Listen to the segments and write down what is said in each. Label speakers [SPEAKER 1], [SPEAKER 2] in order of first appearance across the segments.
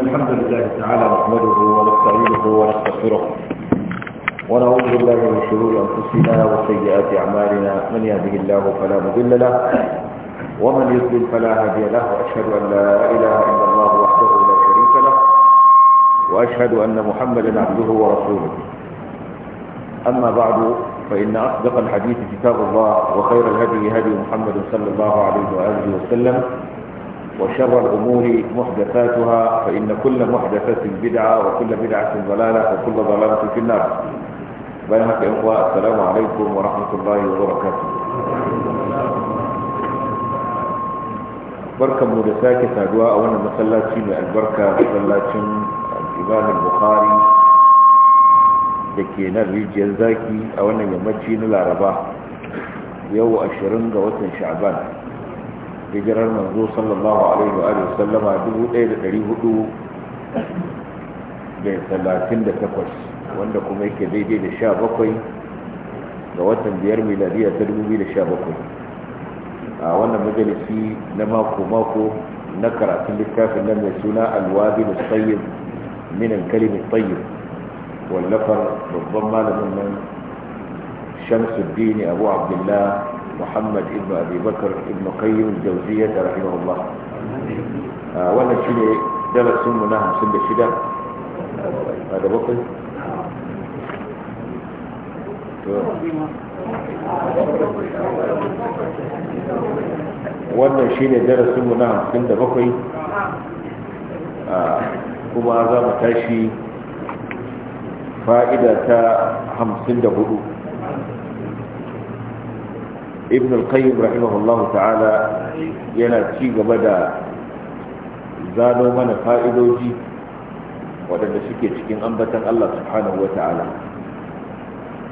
[SPEAKER 1] الحمد لله تعالى نحمده ونستعينه ونستغفره ونعوذ بالله من شرور انفسنا وسيئات اعمالنا من يهده الله فلا مضل له ومن يضلل فلا هادي له واشهد ان لا اله الا الله وحده لا شريك له واشهد ان محمدا عبده ورسوله اما بعد فان اصدق الحديث كتاب الله وخير الهدي هدي محمد صلى الله عليه واله وسلم وشر الأمور محدثاتها فإن كل محدثة بدعة وكل بدعة ضلالة وكل ضلالة في النار بينك إخوة السلام عليكم ورحمة الله وبركاته بركة مدساكة أدواء وانا مسلاتين البركة مسلاتين الإمام البخاري لكي الرجال ذاكي وانا يمجين العرباء يو أشرنغ وطن شعبان hijirar manzo sallallahu alaihi wa sallama 1438 wanda kuma yake daidai da 17 ga watan biyar miladiya ta 2017 a wannan majalisi na mako-mako na karatun littafin nan mai suna alwazi da tsayin minan kalimin tsayin wallafar babban malamin nan shamsuddini abu abdullahi محمد ابن أبي بكر ابن قيم الجوزية رحمه الله وانا شنو درس منها سنب الشدة هذا bakwai.
[SPEAKER 2] wannan shi ne darasinmu
[SPEAKER 1] na hamsin da bakwai kuma za mu tashi fa'ida ta hamsin da hudu ibn al-qayyim rahimahullahu ta'ala yana ci gaba da zano mana fa'idoji waɗanda suke cikin ambatan Allah subhanahu wa ta'ala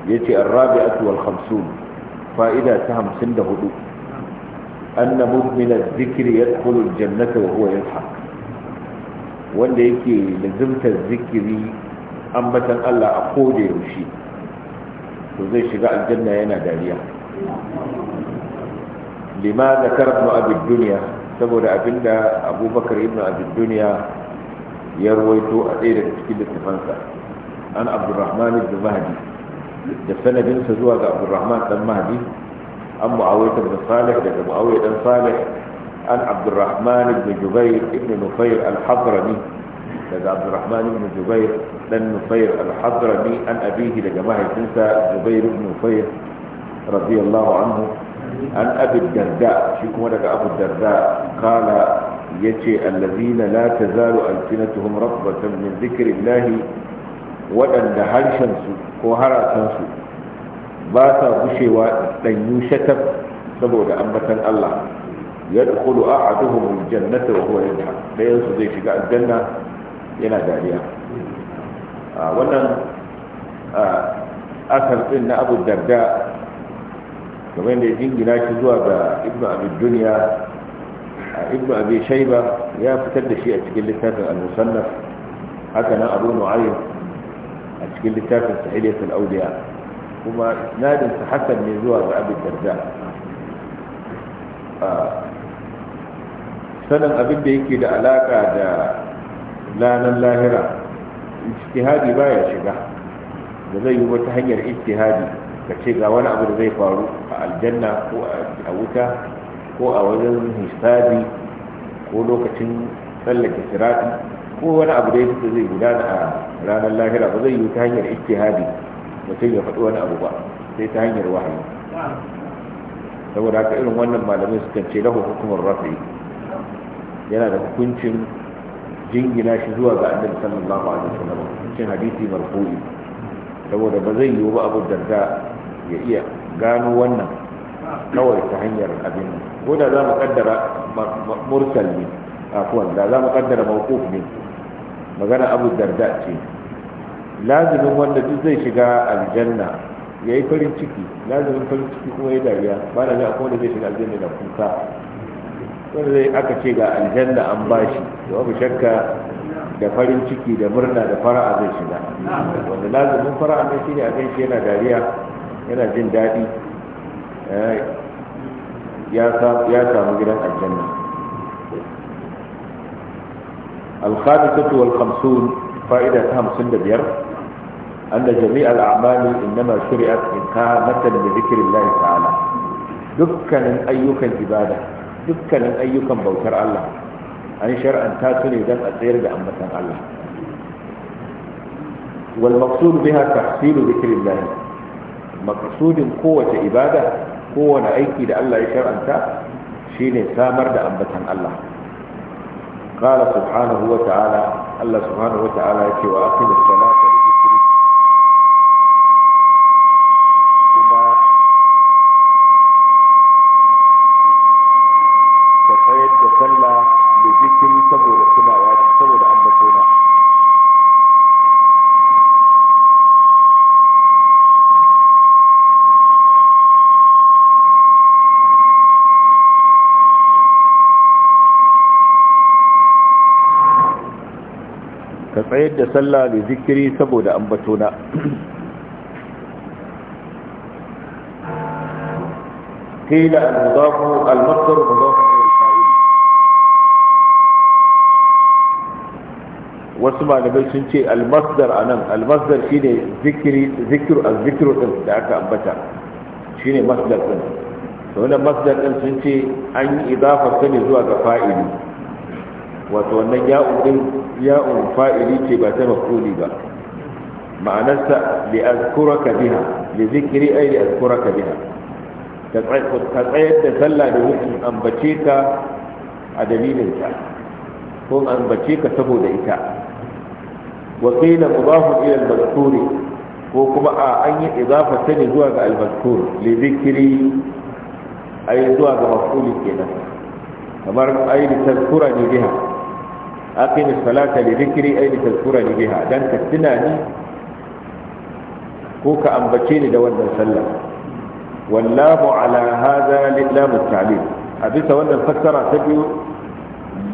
[SPEAKER 1] yace ar-rabi'atu wal khamsun fa'ida ta 54 anna mudmin adh-dhikri yadkhulu jannata wa huwa yadhhak wanda yake lazimta zikiri ambatan Allah a koda yaushe to zai shiga aljanna yana dariya lima zakar ibn duniya saboda abinda abubakar ibn abid duniya ya ruwaito a ɗaya daga cikin littafansa an abdurrahman ibn mahdi da sanadinsa zuwa ga abdurrahman dan mahdi an mu'awiyah ibn salih daga mu'awiyah dan salih an abdurrahman ibn jubair ibn nufair al-hadrami daga abdurrahman ibn jubair dan nufair al-hadrami an abihi daga mahaifinsa jubair ibn nufair radiyallahu anhu an abu darda shi kuma daga abu darda kala ya ce allazina la ta zaru alfinatuhum rabbatan min zikirin lahi waɗanda harshensu ko harasansu ba sa gushewa ɗanyu shatab saboda ambatan Allah ya dukulu a aduhun jannata wa huwa yadda ɗayansu zai shiga aljanna yana dariya wannan asar ɗin na abu darda kamar yadda ya jingina shi zuwa ga ibnu abi a ibnu abi shaiba ya fitar da shi a cikin littafin al-musannaf haka nan abu nu'aym a cikin littafin sahiliyat al-awliya kuma isnadin sa hasan ne zuwa ga abin darda sanin abin da yake da alaka da lanan lahira ijtihadi baya shiga da zai yi wata hanyar ijtihadi ka ce ga wani abu da zai faru a aljanna ko a wuta ko a wajen hisabi ko lokacin tsallake sirati ko wani abu da yake zai gudana a ranar lahira ba zai yi ta hanyar ijtihadi mutum ya faɗi wani abu ba sai ta hanyar wahayi saboda haka irin wannan malamai sukan ce lahu hukumar rafi yana da hukuncin jingina shi zuwa ga annabi sallallahu alaihi wasallam cikin hadisi marfu'i saboda ba zai yiwu ba abu darda ya iya gano wannan kawai ta hanyar abin ko da za mu kaddara mursal ne afuwan da za mu kaddara mawquf ne magana abu darda ce lazimin wanda duk zai shiga aljanna ya yi farin ciki lazimin farin ciki kuma ya dariya ba da za a kuma da zai shiga aljanna da kuka wanda zai aka ce ga aljanna an bashi da wabu shakka da farin ciki da murna da fara'a zai shiga wanda lazimin fara'a ne a kan shi yana dariya yana jin daɗi eh, ya samu gidan aljanna alkhamisatu wal khamsun fa'ida ta أن جميع الأعمال إنما شرعت إقامة لذكر الله تعالى دكان أيك العبادة دكان أيك بوتر الله أن شرعا تاتني ذات أسير بأمة الله والمقصود بها تحصيل ذكر الله makasudin kowace ibada kowane aiki da Allah ya shar'anta shine samar da ambatan Allah qala subhanahu wa ta'ala Allah subhanahu wa ta'ala yake wa aqimus salata li dhikri kuma ka tsayar da sallah da dhikri saboda tsayar da sallah da zikiri saboda ambatona قيل المضاف المصدر
[SPEAKER 2] مضاف للفاعل
[SPEAKER 1] واسمع نبي سنتي المصدر انا المصدر شيء ذكري ذكر الذكر din da aka ambata shine masdar din to wannan masdar din sun ce an yi ta ne zuwa ga fa'ili wato wannan ya'un din ya'un fa'ili ce ba ta mafuli ba ma'anarsa li azkuraka biha li zikri ay li azkuraka biha ta tsayar da sallah da wuce ambace ka a dalilin ta ko ambace ka saboda ita wa qila mudafu ila al-mazkur ko kuma a an yi idafa ta ne zuwa ga al-mazkur li zikri ay zuwa ga mafuli kenan kamar ay li tazkurani biha aqim as-salata li dhikri ay li tadhkurani biha dan ka tunani ko ka ambace ni da wannan sallah wallahu ala hadha lilam at-ta'lim a bisa wannan fassara ta biyu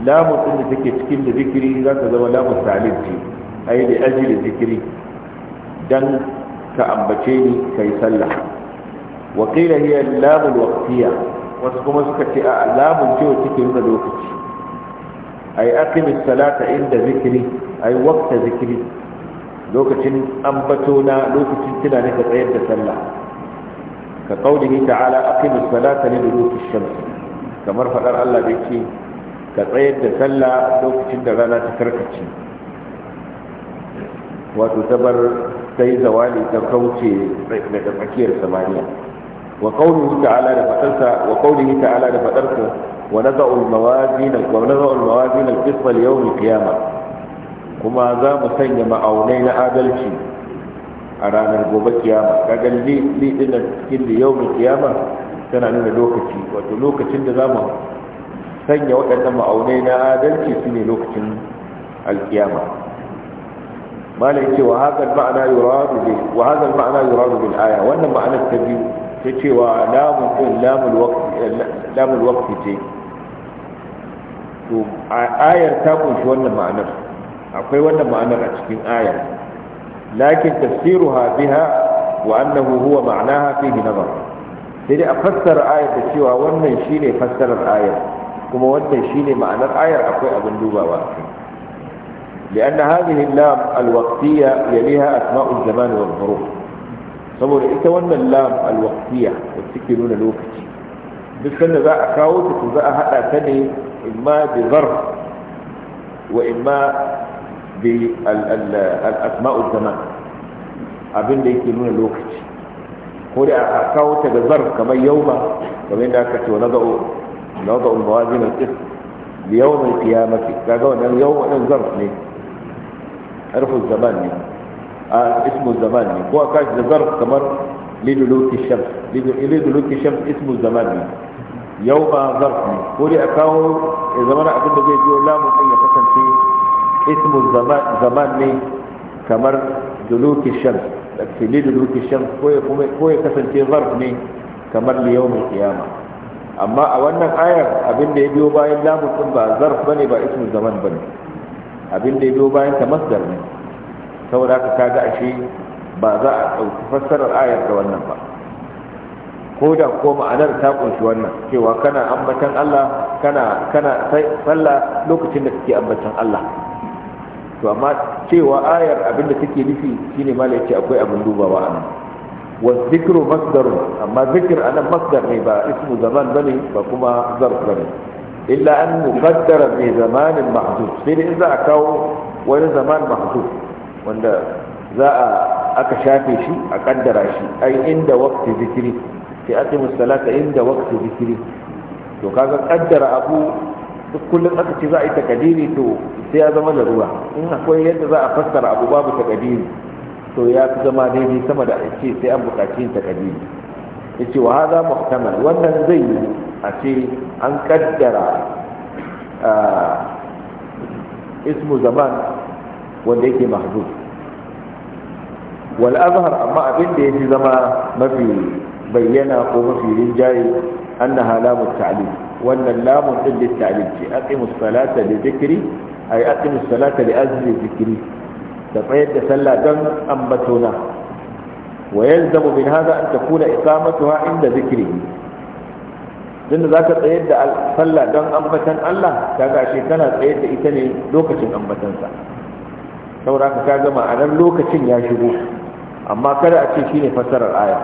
[SPEAKER 1] lamu din da take cikin da zikiri za ta zama lamu ta'lim ce ai da ajli zikiri dan ka ambace ni kai sallah wa qila hiya lamu al-waqtiyya wasu kuma suka ce a lamun ce wacce ke nuna lokaci ay aqimis salata inda zikri ay waqta zikri lokacin ambato na lokacin tunani ka tsayar da sallah ka qaulihi ta'ala aqimis salata li duluki shams kamar fadar Allah da yake ka tsayar da sallah lokacin da rana ta karkace wato tabar sai zawali ta kauce daga tsakiyar samaniya wa qaulihi ta'ala da fadarsa wa qaulihi ta'ala da fadarsa ونضع الموازين ونضع الموازين القسط ليوم القيامه كما ذا مسنج معونين عدلتي ارانا غوبا قيامه قال لي لي دين كل يوم القيامه كان لنا لوكتي وتو لوكتين ذا ما سنج ودان معونين عدلتي في لوكتين القيامه ما لا وهذا المعنى يراد به وهذا المعنى يراد بالايه وان معنى التبيين تتي ولام لام الوقت لام الوقت تي to ayar ta kunshi wannan ma'anar akwai wannan ma'anar a cikin ayar lakin tafsiruha biha wa annahu huwa ma'anaha fihi nazar sai dai a fassara ayar da cewa wannan shine fassarar ayar kuma wannan shine ma'anar ayar akwai abin dubawa لأن هذه اللام الوقتية يليها أسماء الزمان والظروف saboda ita wannan lam alwaqtiya da take nuna lokaci duk sanda za a kawo ta za a hada ta ne إما بظرف وإما بالأسماء الزمان أبين دي كلون الوقت قولي أعطاوت بظرف كما يوم كما ينكت ونضع نضع الموازين القسط ليوم القيامة كذا أن نعم اليوم أنا نعم الظرف لي نعم. الزمان لي آه، اسم الزمان لي هو كاش بظرف كما لدلوك الشمس لدلوك الشمس اسم الزمان لي yau ma zarf ne ko dai a kawo ya zama abin da zai biyo lamun ɗin ya kasance ismu zaman ne kamar duluki shan da fili duluki shan ko ya kasance zarf ne kamar liyau mai kiyama amma a wannan ayar abin da ya biyo bayan lamun ɗin ba zarf ne, ba ismu zaman ba ne. abin da ya biyo bayan ta masdar ne saboda ka kaga ashe ba za a ɗauki fassarar ayar da wannan ba ko da ko ma'anar ta kunshi wannan cewa kana ambatan Allah kana kana sallah lokacin da kake ambatan Allah to amma cewa ayar abin da take nufi shine mala ce akwai abin dubawa a nan wa zikru masdarun amma zikr anan masdar ne ba ismu zaman bane ba kuma zarf bane illa an muqaddara bi zamanin mahdud sai da za a kawo wani zaman mahdud wanda za a aka shafe shi a kaddara shi ai inda waqti zikri sai aqimus salata inda waqti zikri to kaga kaddara abu duk kullum aka ce za a yi takadiri to sai ya zama da ruwa in akwai yadda za a fassara abu babu takadiri to ya fi zama daidai sama da ce sai an buƙaci yin takadiri ya ce wa haza muhtamal wannan zai yi a ce an kaddara ismu zaman wanda yake mahzuz wal azhar amma abin da ya fi zama mafi bayyana ko mafi rinjaye annaha lamun ta'lim wannan lamun din da ta'lim ce aqimus salata li dhikri ay aqimus salata li ajli dhikri da tsayar da sallah dan ambatona wa yalzamu min hada an takuna iqamatuha inda dhikri tunda zaka tsayar da sallah dan ambatan Allah kaga shi kana tsayar da ita ne lokacin ambatansa saboda ka a nan lokacin ya shigo amma kada a ce shine fasarar aya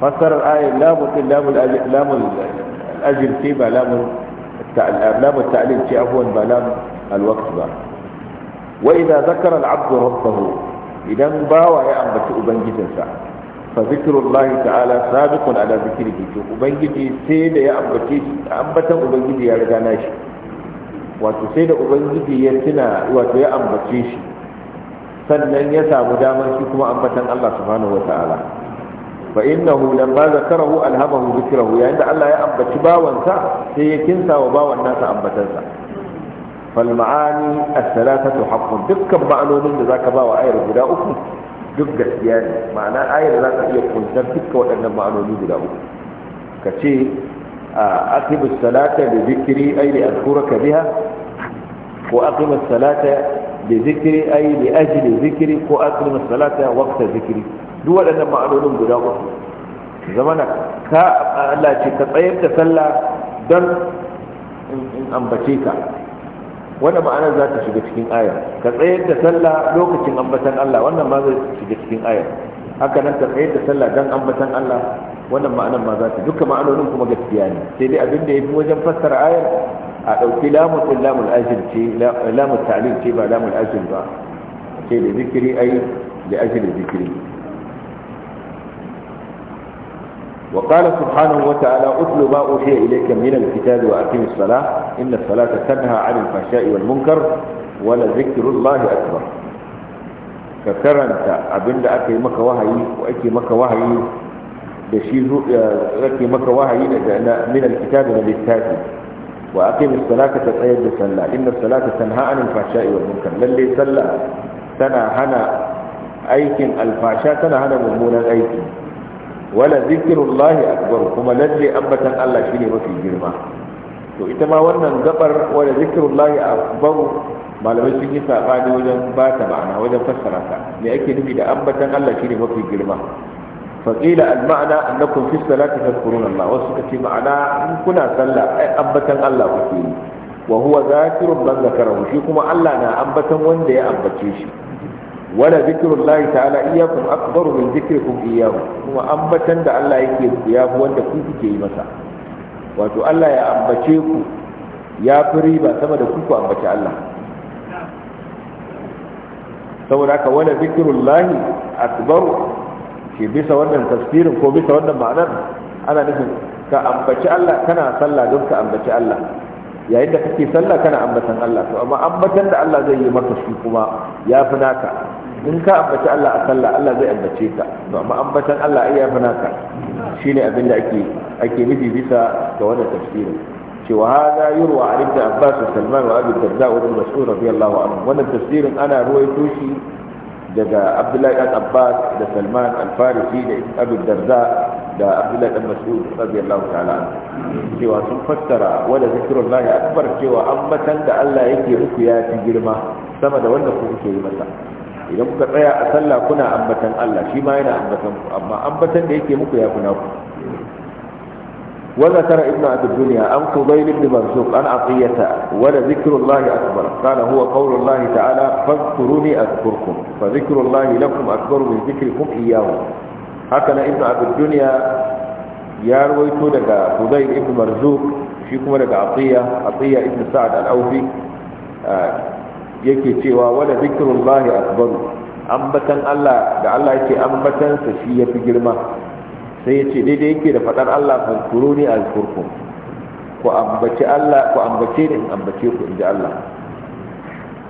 [SPEAKER 1] fassarar ayar lamun din lamun al'ajir ce ba lamun ta'alim ce ba lamun alwakt ba wa idan zakara al'abdu rabbahu idan bawa ya ambaci ubangijinsa fa zikrullahi ta'ala sabiqun ala zikrihi to ubangiji sai da ya ambace shi ambatan ubangiji ya riga na wato sai da ubangiji ya ambace shi sannan ya samu damar shi kuma ambatan Allah subhanahu wataala fa innahu lamma zakarahu alhamahu dhikrahu yayin da Allah ya ambaci bawansa sai ya kinsa wa bawan nasa ambatansa fal ma'ani as-salatatu haqqun dukkan ma'anonin da zaka ba wa ayar guda uku duk gaskiya ne ma'ana ayar za ka iya kuntar dukkan waɗannan ma'anoni guda uku ka ce a aqimus salata bi dhikri ay li azkuraka biha ko aqimus salata bi dhikri ay li ajli dhikri ko aqimus salata waqta dhikri duk waɗannan ma'anonin guda uku zamana ka Allah ce ka tsayar da sallah don in ambace ka wannan ma'anar za ta shiga cikin ayar ka tsayar da sallah lokacin ambatan Allah wannan ma zai shiga cikin ayar haka nan ka tsayar da sallah don ambatan Allah wannan ma'anar ma za ta duka ma'anonin kuma gaskiya ne sai dai abin da ya fi wajen fassara ayar a ɗauki lamun ɗin lamun ajin ce lamun ta'lil ce ba lamun ajin ba ce da zikiri ai da ajin da zikiri وقال سبحانه وتعالى أتل ما أوحي إليك من الكتاب وأقم الصلاة إن الصلاة تنهى عن الفحشاء والمنكر ولذكر الله أكبر ككرنت أبن أكي مك وهي وأكي مك وهي دشيز أكي مك وهي من الكتاب للتاتي وأقم الصلاة تتأيد صلى إن الصلاة تنهى عن الفحشاء والمنكر للي صلى تنهى هنا أيكن الفحشاء تنهى هنا مضمون الأيكن wala zikirullahi akbar kuma lalle ambatan Allah shine mafi girma to ita ma wannan gabar wala zikirullahi akbar malamai sun yi sabani wajen ba ma'ana wajen fassara me ake nufi da ambatan Allah shine mafi girma faqila al ma'ana annakum fi salati tadhkuruna Allah wasu kace ma'ana in kuna sallah ai ambatan Allah kuke wa huwa zakirun man zakarahu shi kuma Allah na ambatan wanda ya ambace shi wala zikrullahi ta'ala iyyakum akbaru min zikrikum iyyahu kuma ambatan da Allah yake ya fi wanda ku kuke yi masa wato Allah ya ambace ku ya fi riba sama da ku ambace Allah saboda haka wala zikrullahi akbaru ke bisa wannan tasirin ko bisa wannan ma'anar ana nufin ka ambaci Allah kana sallah don ka ambaci Allah yayin da kake sallah kana ambatan Allah to amma ambatan da Allah zai yi maka shi kuma ya fi naka in ka ambaci Allah a sallah Allah zai ambace ka to amma ambatan Allah ai yafi naka shine abinda ake ake nufi bisa ga wannan tafsiri cewa hada yurwa an ibn Abbas Salman wa Abi Darda wa Mas'ud radiyallahu anhu wannan tafsirin ana ruwaito shi daga Abdullahi ibn Abbas da Salman al-Farisi da Abi Darda da Abdullahi ibn Mas'ud radiyallahu ta'ala cewa sun fassara wala zikrullahi akbar cewa ambatan da Allah yake muku ya fi girma sama da wanda kuke yi masa idan kuka tsaya a sallah kuna ambatan Allah shi ma yana ambatan ku amma ambatan da yake muku ya kuna ku wa zakara ibnu abi dunya an qudayl ibn mansur an aqiyata wa la zikrullah akbar qala huwa qawlullah ta'ala fadhkuruni azkurkum fa zikrullah lakum akbar min zikrikum iyyahu haka na ibnu abi dunya ya rawaito daga qudayl ibn marzuk shi kuma daga aqiya aqiya ibn sa'ad al-awfi yake cewa wala zikrullahi akbar ambatan Allah da Allah yake ambatan sa shi ya fi girma sai yace daidai yake da faɗar Allah fadkuruni azkurkum ku ambaci Allah ku ambace ni in ambace ku inji Allah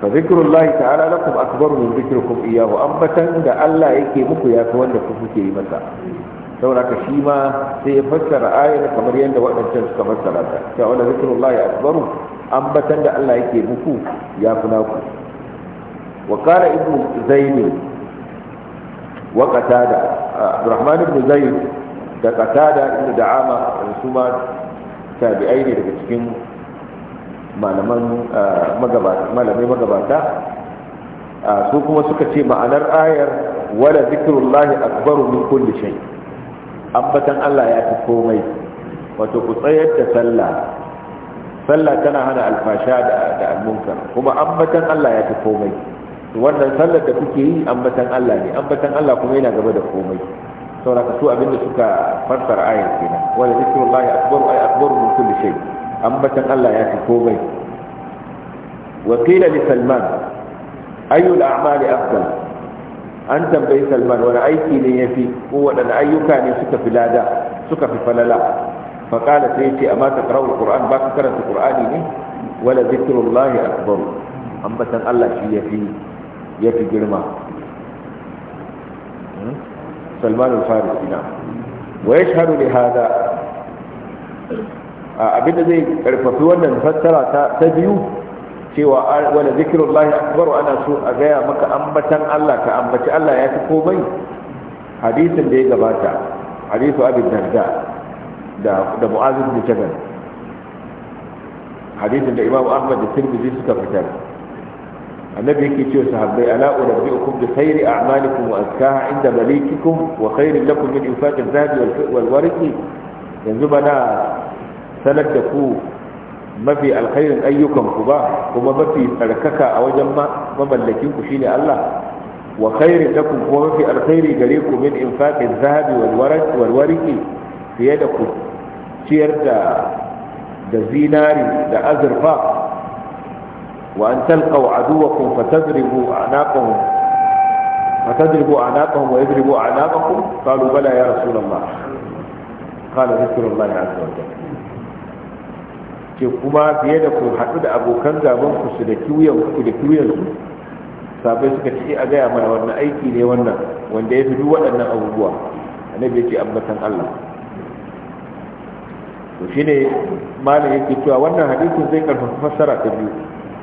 [SPEAKER 1] fa zikrullahi ta'ala lakum akbar min zikrikum iyyahu ambatan da Allah yake muku ya fi wanda ku kuke yi masa Saboda sauraka shi ma sai ya fassara ayar kamar yadda waɗancan suka fassara ta cewa wanda zikirullahi akbaru ambatan da Allah yake muku ya fi naku wa kana ibnu zaini
[SPEAKER 2] wa qatada abdurrahman ibn zaid
[SPEAKER 1] da qatada ibn da'ama su ma tabi'ai ne daga cikin malaman magabata malamai magabata su kuma suka ce ma'anar ayar wala zikrullahi akbaru min kulli shay ambatan Allah ya fi komai wato ku tsayar da sallah sallah tana hana alfasha da almunkar kuma ambatan Allah ya fi komai wannan sallar da kuke yi ambatan Allah ne ambatan Allah kuma yana gaba da komai sauraka su abinda suka fassara ayar kenan wala zikrullahi akbar ay akbar min kulli shay ambatan Allah ya fi komai wa qila li salman ayu al-a'mal afdal an tambayi salman wani aiki ne ya fi ko waɗanne ayyuka ne suka fi lada suka fi falala faƙala sai ce amma ta karawar ƙur'an ba ka karanta ƙur'ani ne wala zikirullahi akbar ambatan Allah shi ya fi girma salman al-farisi na wa yashhadu li hada abinda zai karfafi wannan fassara ta biyu cewa wala zikrullahi akbar ana so a gaya maka ambatan Allah ka ambaci Allah ya fi komai hadisin da ya gabata hadisu abin darda da da mu'az ibn jabal da Imam ahmad da tirmidhi suka fitar annabi yake cewa sahabbai ala unabbiukum bi khairi a'malikum wa azkaha inda malikikum wa khairin lakum min infaq az-zahabi wal warqi yanzu bana sanar da ku mafi alkhairin ayyukan ku ba kuma mafi tsarkaka a wajen mamallakin ku shine Allah wa khairin lakum kuma mafi alkhairi gare ku min infaqin zahabi wal warqi fiye da ku ciyar da da zinari da azurfa wa an talqaw aduwakum fatadribu anaqahum fatadribu anaqahum wa yadribu anaqakum qalu bala ya rasulullah qala rasulullah azza wa jalla ke kuma fiye da ku haɗu da abokan gaban ku su da kiwuyan ku da kiwuyan su sabai suka ce a gaya mana wannan aiki ne wannan wanda ya fi duk waɗannan abubuwa annabi ya ce ambatan Allah to shine malam yake cewa wannan hadisin zai karfafa fassara ta biyu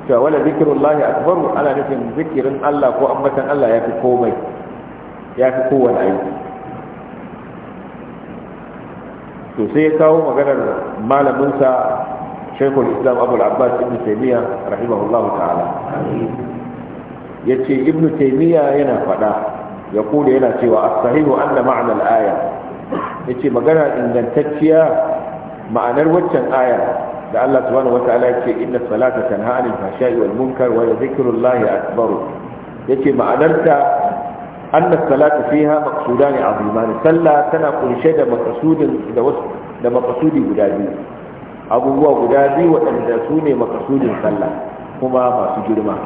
[SPEAKER 1] cewa wala zikrullahi akbar ana nufin zikirin Allah ko ambatan Allah yafi komai yafi kowane aiki to sai ya kawo maganar malamin sa Shaykhul Islam Abu Al-Abbas Ibn Taymiyyah rahimahullahu ta'ala yace Ibn Taymiyyah yana fada ya kula yana cewa as-sahihu anna ma'na al-aya yace magana ingantacciya ma'anar waccan aya da Allah subhanahu wataala yake inna salata tanha 'anil fahsha'i wal munkar wa dhikrullahi akbar yace ma'anarta anna salata fiha maqsudani 'aziman sallah tana kunshe da maqsudin da wasu da maqsudi guda biyu abubuwa guda biyu waɗanda su ne maqsudin sallah kuma masu girma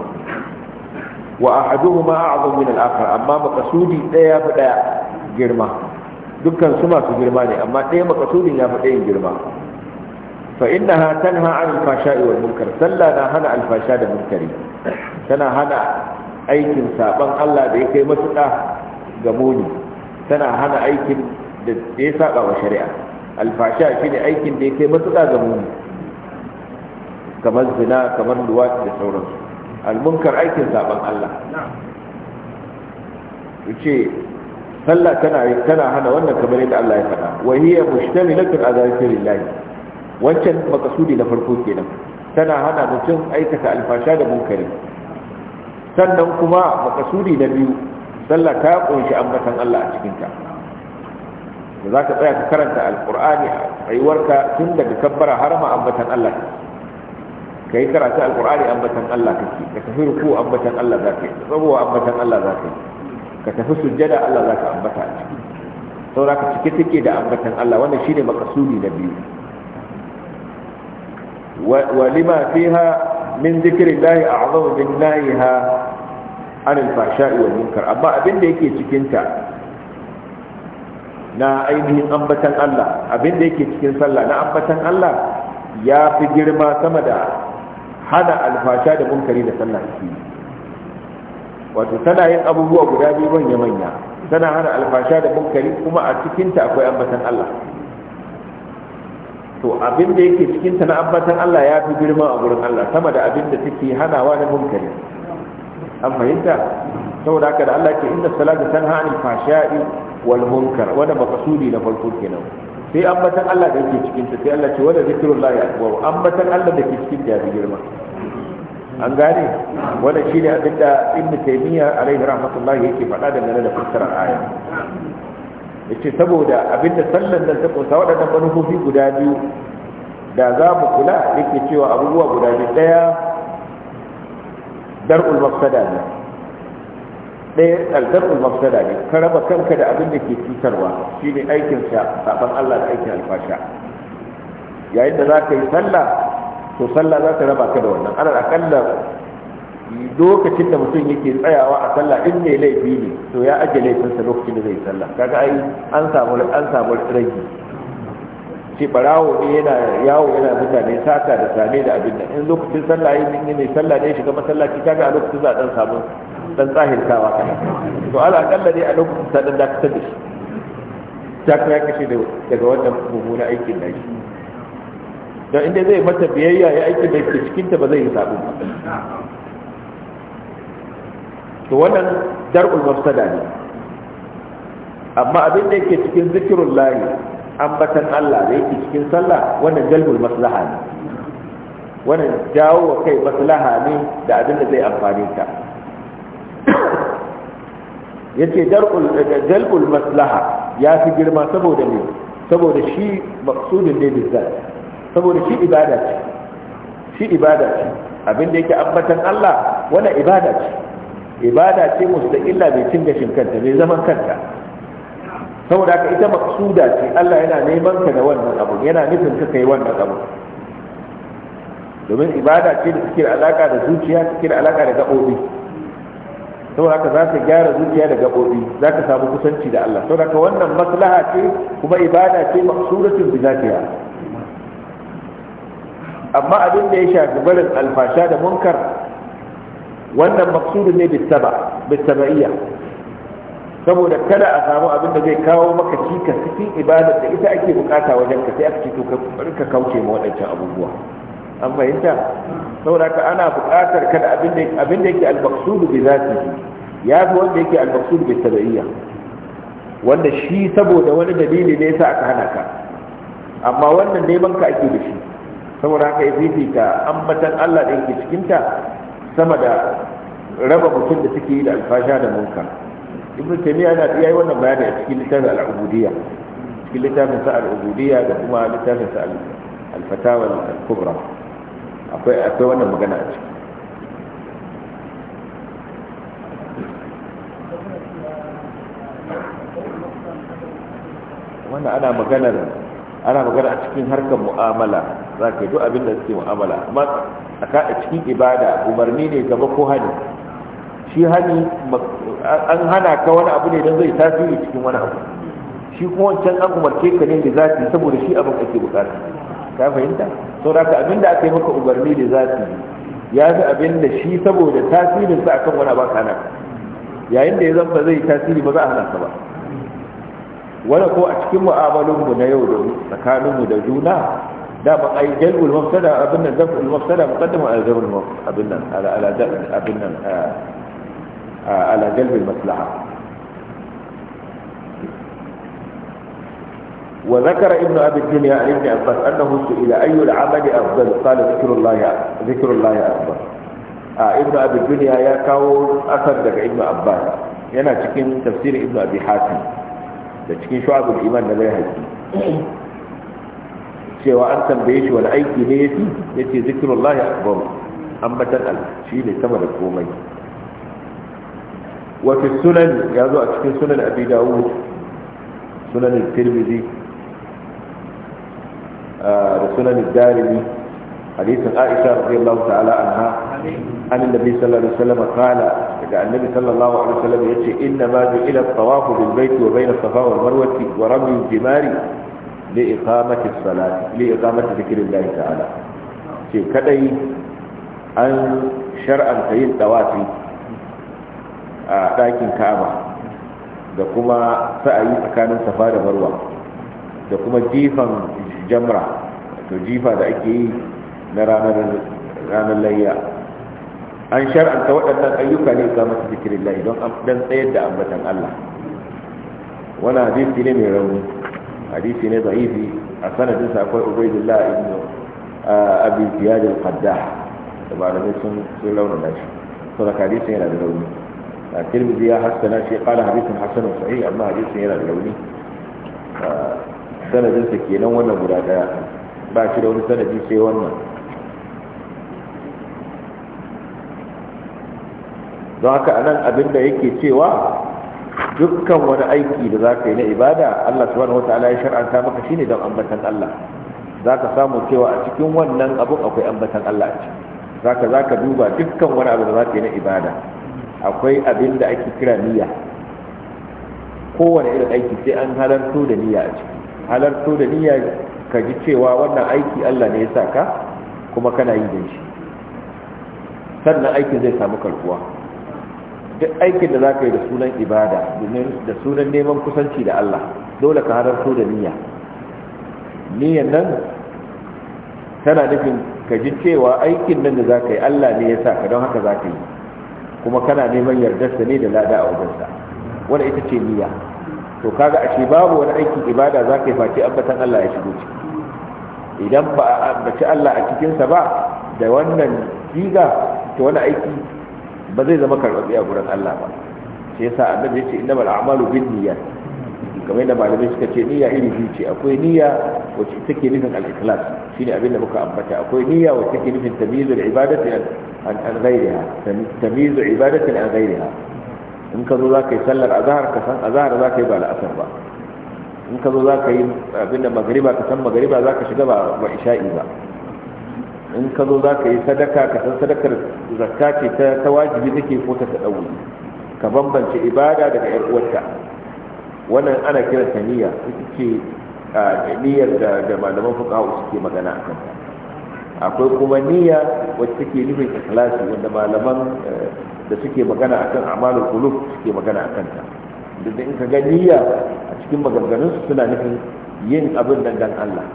[SPEAKER 1] wa ahaduhuma a'zamu min al-akhar amma maqsudi daya fa daya girma dukkan su masu girma ne amma ɗaya makasudin ya fi ɗayan girma fa innaha tanha an alfasha wal munkar sallah na hana alfasha da munkari tana hana aikin saban Allah da ya kai matuƙa ga muni tana hana aikin da ya saba wa shari'a alfasha shi ne aikin da ya kai matuƙa ga muni kamar zina kamar luwaɗi da sauransu almunkar aikin saban Allah ce sallah tana tana hana wannan kamar yadda Allah ya faɗa wa hiya mushtamilatun ala zikrillah wancan makasudi na farko kenan tana hana mutum aikata alfasha da munkari sannan kuma makasudi na biyu sallah ta kunshi ambatan Allah a cikin ta da zaka tsaya ka karanta alqur'ani a tsayuwarka tun daga kabbara har ma ambatan Allah kai karatu alqur'ani ambatan Allah kake ka tafi ruku ambatan Allah zaka yi tsawo ambatan Allah zaka yi ka tafi sujjada Allah za ka ambata a ciki saura ka cike take da ambatan Allah wannan shine makasudi na biyu wa lima fiha min zikrillahi a'zamu min nahiha an al-fahsha'i wal munkar amma abin da yake cikin ta na ainihin ambatan Allah abin da yake cikin sallah na ambatan Allah ya fi girma sama da hana alfasha da munkari da sallah ke wato tana yin abubuwa guda biyu manya manya tana hana alfasha da munkari kuma a cikinta akwai ambatan Allah to abin da yake cikinta na ambatan Allah ya fi girma a gurin Allah sama da abin da take hanawa na munkari an fahimta saboda haka da Allah ke inda salatu tanha anil fashai wal munkar wanda maqsudi na farko kenan sai ambatan Allah da yake cikinta sai Allah ce wala zikrullahi akbar ambatan Allah da ke cikinta ya fi girma an gane wannan ne abin da ibn taymiya alaihi rahmatullahi yake faɗa dangane da fassarar aya yace saboda abin da sallan nan ta kusa waɗannan manufofi guda biyu da za mu kula yake cewa abubuwa guda biyu ɗaya dar'ul mafsada ne ɗaya mafsada ne ka raba kanka da abin da ke cutarwa shine aikin sa saban Allah da aikin alfasha yayin da za ka yi sallah to sallah za ta raba ka da wannan ana akalla lokacin da mutum yake tsayawa a sallah in ne laifi ne to ya ajiye laifinsa lokacin da zai sallah kaga ai an samu an samu rage shi barawo ne yana yawo yana mutane saka da same da abin da in lokacin sallah yin ne mai sallah ne shiga masallaci kaga a lokacin za a dan samu dan tsahirtawa kana to ala akalla dai a lokacin sallah da ka da shi ta ya kashe daga wannan mummuna aikin shi. Don inda zai mata biyayya ya aiki da ke cikinta ba zai yi sabu ba to wannan dar'ul mafsada ne amma abin da yake cikin zikirun layi ambatan Allah da yake cikin sallah wannan jalbul maslaha ne wannan jawo wa kai maslaha ne da abin da zai amfane ka yace dar'ul jalbul maslaha ya fi girma saboda ne saboda shi maqsudun ne bizzat saboda shi ibada ce shi ibada ce abin da yake ambatan Allah wannan ibada ce ibada ce mustaqilla bai cin gashin kanta bai zaman kanta saboda haka ita maksuda ce Allah yana neman ka da wannan abu yana nufin ka kai wannan abu domin ibada ce da take alaka da zuciya take alaka da gabobi saboda haka za ka gyara zuciya da gabobi za ka samu kusanci da Allah saboda haka wannan maslaha ce kuma ibada ce maksudatun bi zatiha amma abin da ya shafi barin alfasha da munkar wannan maksudin ne bisaba bisaba'iyya saboda kada a samu abin da zai kawo maka cika cikin ibadar da ita ake bukata wajen ka sai aka ce to ka kauce ma waɗancan abubuwa an fahimta saboda ka ana bukatar kada abin da yake al-maqsudu bi zatihi ya fi wanda yake al-maqsudu bi saba'iyya wanda shi saboda wani dalili ne sa aka hana ka amma wannan neman ka ake da shi saboda haka ya fifita ambatan Allah da yake cikinta sama da raba mutum da suke yi da alfasha da munka ibn taymiya yana iya yi wannan bayani a cikin littafin al-ubudiyya cikin littafin sa al-ubudiyya da kuma littafin sa al-fatawa al-kubra akwai akwai wannan magana a ciki wannan ana maganar ana magana a cikin harkar mu'amala za ka yi duk abin da suke mu'amala amma a cikin ibada umarni ne gaba ko hani shi hani an hana ka wani abu ne don zai tasiri cikin wani abu shi kuma wancan an umarce ka ne da zafi saboda shi abin ake bukata ka fahimta sau da abin da aka yi maka umarni da zafi ya fi abin da shi saboda tasirinsa akan wani abu hana yayin da ya zamba zai tasiri ba za a hana ka ba wanda ko a cikin mu'amalinmu na yau da tsakaninmu da juna da ba ai jalbul mafsada abin nan mafsada abin nan abin nan ala jalbul maslaha وذكر ابن ابي الدنيا عن a عباس Abbas, annahu اي العمل افضل قال ذكر الله ذكر الله افضل ابن ابي الدنيا يا كاو daga ابن Abbas, yana cikin tafsirin ibn abi hatim da cikin shu'abul iman da bai
[SPEAKER 2] haƙi
[SPEAKER 1] cewa an tambaye shi wani aiki ne yafi yace zikrullahi akbar ambatan Allah ne sama da komai wa sunan ya zo a cikin sunan abi dawud sunan tirmidhi ah, da sunan darimi حديث عائشة رضي الله تعالى عنها عن النبي صلى الله عليه وسلم قال قال النبي صلى الله عليه وسلم يتشي إنما جئل الطواف بالبيت وبين الصفا والمروة ورمي الجمار لإقامة الصلاة لإقامة ذكر الله تعالى شيء كدي أن شرعا تيل دواتي لكن كعبة da kuma sa'ayi tsakanin safa da marwa da kuma jifan jamra to jifa da ake yi na ranar layya an shar'anta waɗannan ayyuka ne ga masu zikirin layi don dan tsayar da ambatan Allah wani hadisi ne mai rauni hadisi ne zaifi a sanadinsa akwai ubaidullah ibn a ziyad al kadda da malamai sun sun launa shi saboda hadisin yana da rauni a tirmidhi ya hassana shi kala hadithun hasanun sahih amma hadisin yana da rauni sanadinsa kenan wannan guda daya ba shi da wani sanadi sai wannan don haka nan abin da yake cewa dukkan wani aiki da za ka yi na ibada Allah subhanahu wataala ya shar'anta maka shine don ambatan Allah za ka samu cewa a cikin wannan abun akwai ambatan Allah ce za ka za ka duba dukkan wani abu da za ka yi na ibada akwai abin da ake kira niyya kowane irin aiki sai an halarto da niyya a ciki halarto da niyya ka ji cewa wannan aiki Allah ne ya sa ka kuma kana yi da shi sannan aikin zai samu karkuwa duk aikin da za ka yi da sunan ibada da sunan neman kusanci da Allah dole ka su da niyya niyyan nan tana nufin ka ji cewa aikin nan da za ka yi Allah ne ya sa ka don haka za ka yi kuma kana neman yardarsa ne da lada a wajensa wanda ita ce niyya to kaga a ce babu wani aikin ibada za ka yi face ambatan Allah ya shigo ciki idan ba a ambaci Allah a cikinsa ba da wannan siga ta wani aiki ba zai zama karɓaɓɓe a gurin Allah ba shi yasa annabi yace inna mal a'malu bin niyyat kamar yadda malamai suka ce niyya iri biyu ce akwai niyya wacce take nufin al-ikhlas shine abin da muka ambata akwai niyya wacce take nufin tamyizul ibadati an ghayriha tamyizu ibadati an ghayriha in ka zo za ka yi sallar azahar ka san azahar za ka yi ba al'asar ba in ka zo za ka yi abinda magariba ka san magariba za ka shiga ba isha'i ba in ka zo za ka yi sadaka ka san sadakar zakka ce ta wajibi take ko ta taɗawu ka bambance ibada daga yar uwarta wannan ana kira ta niyya ita ce niyyar da da malaman fuqaha suke magana a kanta akwai kuma niyya wacce take nufin ikhlasi wanda malaman eh, da suke magana akan amalul qulub suke magana akan ta duk in ka ga niyya a cikin maganganun su suna nufin yin abin dan Allah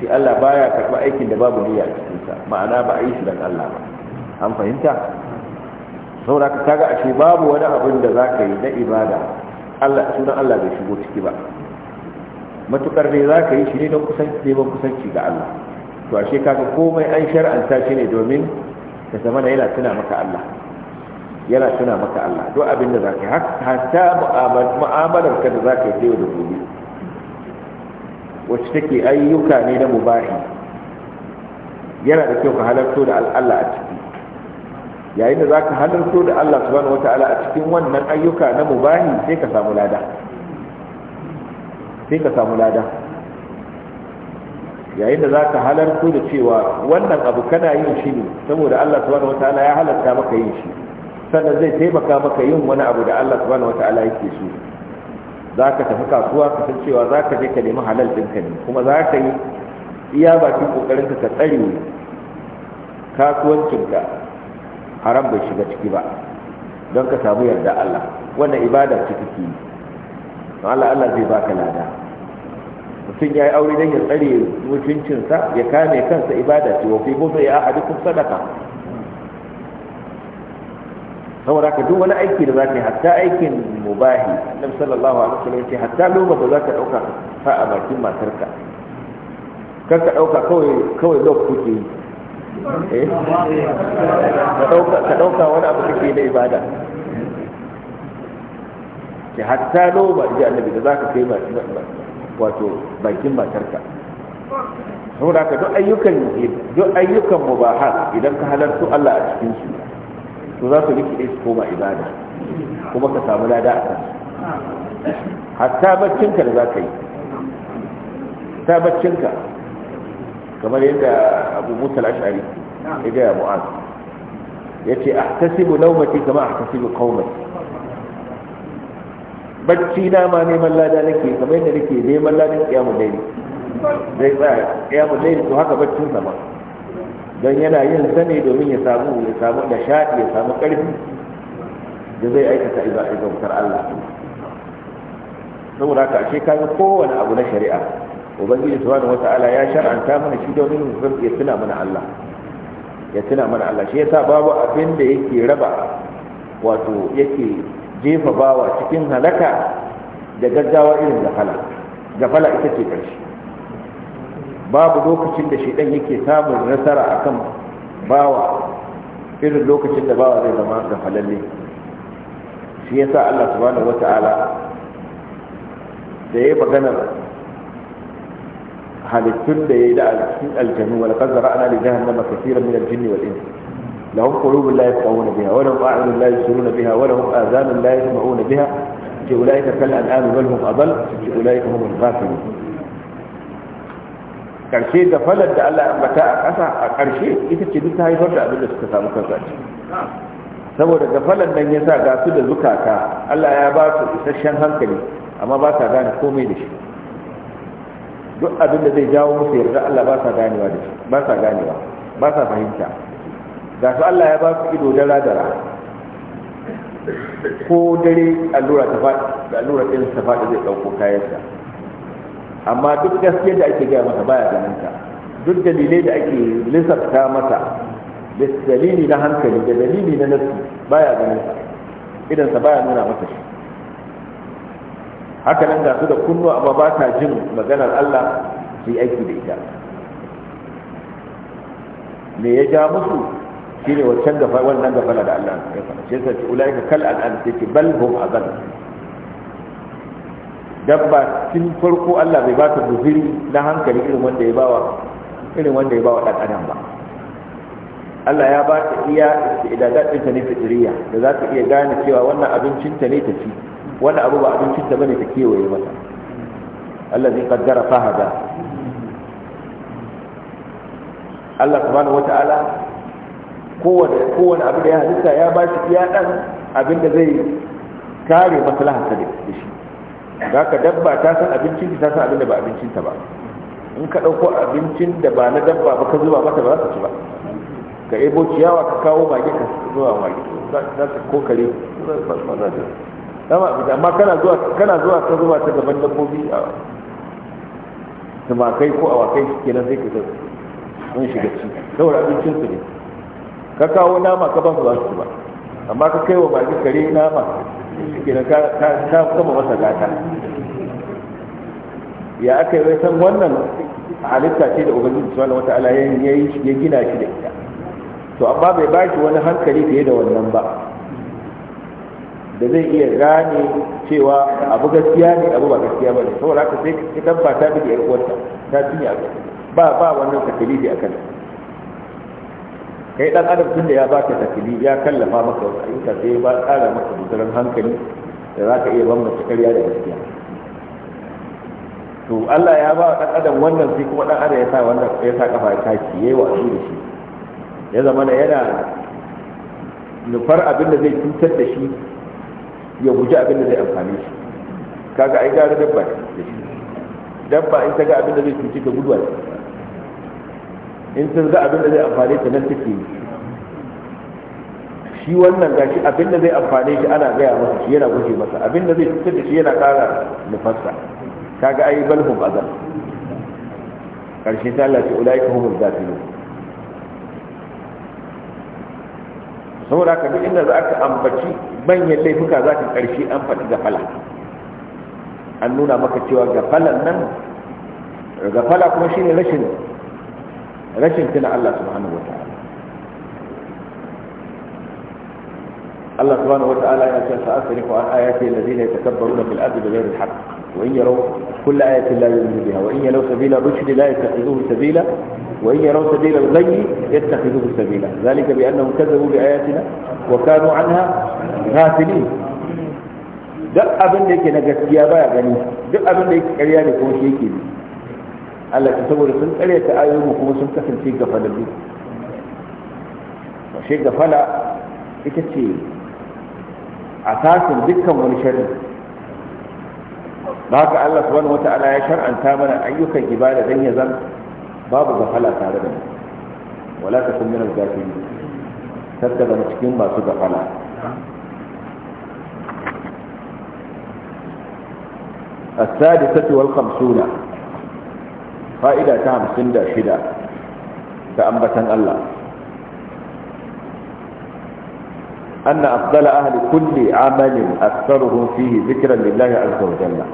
[SPEAKER 1] shi Allah baya karɓa aikin da babu niyya a cikinsa ma'ana ba a yi shi don Allah ba an fahimta saboda ka kaga ashe babu wani abin da za ka yi na ibada Allah sunan Allah bai shigo ciki ba matukar ne za ka yi shi ne don kusanci neman kusanci ga Allah to ashe kaga komai an shar'anta shi ne domin ka zama da yana tuna maka Allah yana tuna maka Allah duk abin da za ka yi hatta mu'amalar ka da za ka yi da gobe wacce take ayyuka ne na mubahi yana da kyau ka halarto da Allah a ciki yayin da za ka halarto da Allah subhanahu wataala a cikin wannan ayyuka na mubahi sai ka samu lada sai ka samu lada yayin da za ka halarto da cewa wannan abu kana yin shi ne saboda Allah subhanahu wataala ya halarta maka yin shi sannan zai taimaka maka yin wani abu da Allah subhanahu wataala yake so za ka tafi kasuwa ka san cewa za ka je ka nemi halal ɗinka ne kuma za ka yi iya bakin ƙoƙarinka ka tsare kasuwancinka haram bai shiga ciki ba don ka samu yarda Allah wannan ibada ce take yi Allah Allah zai baka lada mutum ya yi aure don ya tsare mutuncinsa ya kame kansa ibada ce wa fi mutu ya ahadukum sadaka saboda ka duk wani aiki da zaka yi hatta aikin mubahi annabi sallallahu alaihi wasallam ce hatta lokacin da zaka dauka ka sa a bakin matarka kar ka dauka kawai kawai lokacin kuke yi eh? ka dauka wani abu kake na ibada ki hatta loba ji annabi da ka kai wato bakin matarka saboda ka duk ayyukan duk ayyukan mubahat idan ka halartu Allah a cikin su to za su rikide su koma ibada kuma ka samu lada a kan hatta baccinka da za ka yi ta baccinka kamar yadda abu musa al'ashari ya gaya mu'az ya ce a tasibu naumati kama a tasibu kaumati bacci na ma neman lada nake kamar yadda nake neman ladan kiyamun laili zai tsaya kiyamun laili to haka baccin sama don yana yin sani domin ya samu ya samu ya samu ƙarfi da zai aikata ibautar Allah saboda haka ashe ka ga kowane abu na shari'a ubangiji wata ala ya shar'anta mana shi domin mu ya tuna mana Allah ya tuna mana Allah shi yasa babu abin da yake raba wato yake jefa bawa cikin halaka da gaggawa irin da fala ita ce ƙarshe babu lokacin da shaidan yake samun nasara akan bawa irin lokacin da bawa zai zama da falalle shi sa Allah subhanahu wata'ala da ya yi magana halittun da ya yi da cikin aljanu wal qadara ana li jahannama kaseeran min al-jinn wal ins lahum qulubun la yafqahuna biha wa lahum a'yunun la na biha wa lahum adhanun la yasma'una biha ulaika kal an'am bal hum adall ulaika humul ghafilun karshe da falar da Allah ambata a ƙasa a karshe ita ce duk ta haifar da abin da suka samu kansa ce saboda da falar nan ya sa ga su da zukata Allah ya ba su isasshen hankali amma ba sa gane komai da shi duk abin da zai jawo musu yarda Allah ba sa ganewa da shi ba sa ganewa ba sa fahimta ga su Allah ya ba su ido dara dara ko dare allura ta faɗi da allura ɗin ta faɗi zai ɗauko kayansa amma duk gaskiya da ake gaya masa baya ganin ta duk dalilai da ake lissafta masa da dalili na hankali da dalili na nafsi baya ganin ta idan sa baya nuna masa shi haka nan ga da kunnu amma ba ta jin maganar Allah su yi aiki da ita me ya ja musu shine wancan gafa wannan gafala da Allah ya faɗa shi yasa ce ulaika kal al'an sai bal hum azal dabba tun farko Allah bai baka guziri na hankali irin wanda ya bawa irin wanda ya bawa dan adam ba Allah ya baka iya da din ta ne fitriya da za ka iya gane cewa wannan abincin ta ne ta ci wannan abu ba abincin ta bane ta kewaye mata Allah zai kaddara fahada Allah subhanahu wata'ala kowane kowane abu da ya halitta ya ba shi iya dan abin da zai kare maslaharsa da shi za ka dabba ta san abincin ta san abin da ba abincin ta ba in ka ɗauko abincin da ba na dabba ba ka zuba mata ba za ta ci ba ka ebo ciyawa ka kawo mage ka zuwa mage za ta kokare ba za ta dama amma kana zuwa kana zuwa ka zuba ta gaban dabbobi a tumakai ko awakai kenan sai ka zai sun shiga ci saboda abincin su ne ka kawo nama ka ba su ba su ba amma ka kai wa mage kare nama kira ka kama masa gata ya aka yi san wannan halitta ce da ubangiji su wataala ya ya gina shi da ita to amma bai ba shi wani hankali fiye da wannan ba da zai iya gane cewa abu gaskiya ne abu ba gaskiya ba ne saboda haka sai ka tabbata bi da yar uwarta ta tinya ba ba wannan takalifi akan ta kai dan adam tun da ya baka takili ya kallafa maka wasu ayyuka sai ya ba tsara maka gudurin hankali da za ka iya bambance karya da gaskiya to Allah ya ba dan adam wannan sai kuma dan adam ya sa wannan ya sa kafa ya taki yayi wasu da shi ya zama na yana nufar abin da zai cutar da shi ya guji abin da zai amfani shi kaga ai gari dabba da shi dabba in ta ga abin da zai cuci ta guduwa in sun ga abin da zai amfane ta nan take yi shi wannan gashi abin da zai amfane shi ana gaya masa shi yana guje masa abin da zai cutar da shi yana ƙara nufarsa kaga ai balhum azal karshe ta Allah ce ulaika humul zafilun saboda haka duk inda za ka ambaci manyan laifuka za ka karshe an faɗi gafala an nuna maka cewa gafalan nan gafala kuma shine rashin rashin tuna Allah subhanahu wa ta'ala Allah subhanahu wa ta'ala ya ce sa'asrifu an ayati alladhina yatakabbaruna fil ardi bighayri al-haqq wa in yaraw kull ayatin la yu'minu biha wa in yaraw sabila rushd la yattakhidhuhu sabila wa in yaraw sabila al-ghayy yattakhidhuhu sabila dhalika bi annahum kadhabu bi ayatina wa kanu anha ghafilin duk abin da yake na gaskiya baya gani duk abin da yake ƙarya ne kuma shi yake Allah ta saboda sun tsare ta ayoyi kuma sun kasance gafalallu shi gafala ita ce a tasin dukkan wani sharri ba ka Allah subhanahu wata'ala ya shar'anta mana ayyukan ibada dan ya zan babu gafala tare da mu wala ta kun minar gafili sadda da cikin masu gafala السادسة والخمسون fa’ida ta hamsin da shida ta ambatan Allah an na afdala Ali kulle amalin a tsarruhun fiye zikiran lillahi a zaujalla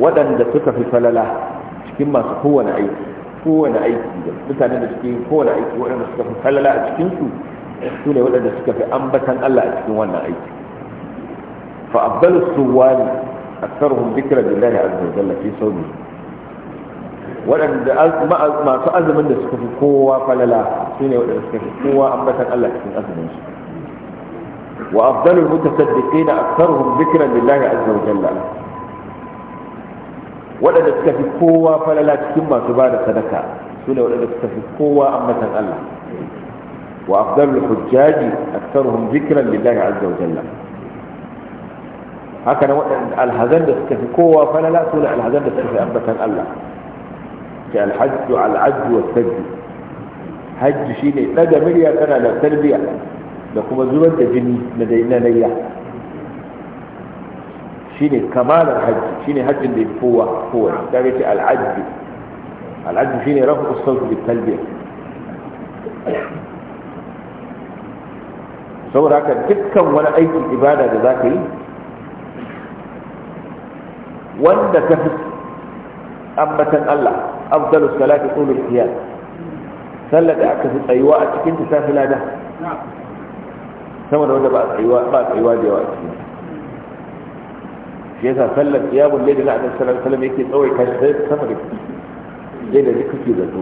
[SPEAKER 1] waɗanda suka fi falala cikin masu kowane aiki kowane aiki da mutane da suke kowane aiki waɗanda suka fi falala a cikinsu su waɗanda suka fi ambatan Allah a cikin wannan aiki fa abdala su wani أكثرهم ذكرا لله عز وجل في صومه waɗanda masu azumin da suka fi kowa falala su waɗanda suka fi kowa ambatan Allah cikin azumin su wa afdalul mutasaddiqin aktharuhum dhikran lillahi azza wa jalla waɗanda suka fi kowa falala cikin masu bada sadaka su waɗanda suka fi kowa ambatan Allah wa afdalul hujjaji aktharuhum lillahi azza wa jalla haka nan waɗanda alhazan da suka fi kowa falala su ne alhazan da suka fi ambatan Allah ke alhajju al'ajju wa sabbi hajji shine daga murya tana da tarbiya da kuma zubar da jini na dainanayya shine kamalar hajji shine hajjin da kowa kowa daga ce al'ajju al'ajju shine rafu sauti bi talbiya saboda haka dukkan wani aikin ibada da zaka yi wanda ka fi ambatan Allah afdalu salati qulul qiyam sallar da aka fi tsayuwa a cikin ta tafi lada sama da wanda ba tsayuwa ba tsayuwa da yawa a cikin shi yasa sallar qiyamul layl na annabi sallallahu alaihi wasallam yake tsawai ka sama da yadda da kake da su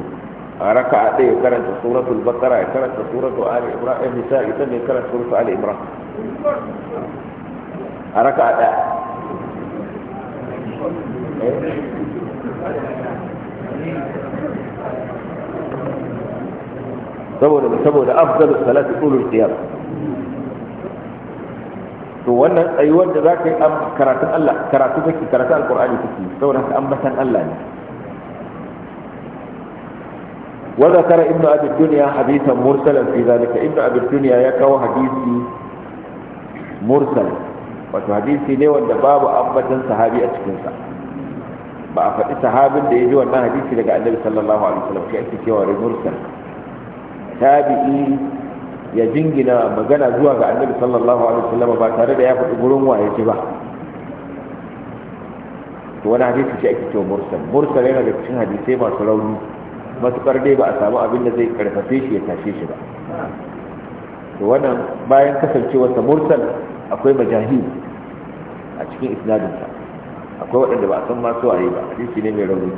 [SPEAKER 1] a raka'a ɗaya karanta suratul baqara ya karanta suratul ali imran ya nisa ya karanta suratul ali imran
[SPEAKER 2] a raka'a ɗaya saboda saboda afdalu salati
[SPEAKER 1] qulul qiyam to wannan tsayuwar da zaka yi am karatun Allah karatu kake karatu alqur'ani kake saboda ka ambatan Allah ne wa zakara ibnu abi dunya hadithan mursalan fi zalika ibnu abi dunya ya kawo hadisi mursal wato hadisi ne wanda babu ambatan sahabi a cikin sa ba a faɗi sahabin da ya ji wannan hadisi daga annabi sallallahu alaihi wasallam shi ake cewa mursal tabi'i ya jingina magana zuwa ga annabi sallallahu alaihi wasallam ba tare da ya faɗi gurin waye ji ba to wani hadisi shi ake cewa mursal mursal yana da cikin hadisai masu rauni matuƙar dai ba a samu abin da zai karfafe shi ya tashe shi ba to wannan bayan kasancewarsa mursal akwai majahil a cikin isnadinsa akwai waɗanda ba a san masu waye ba hadisi ne mai rauni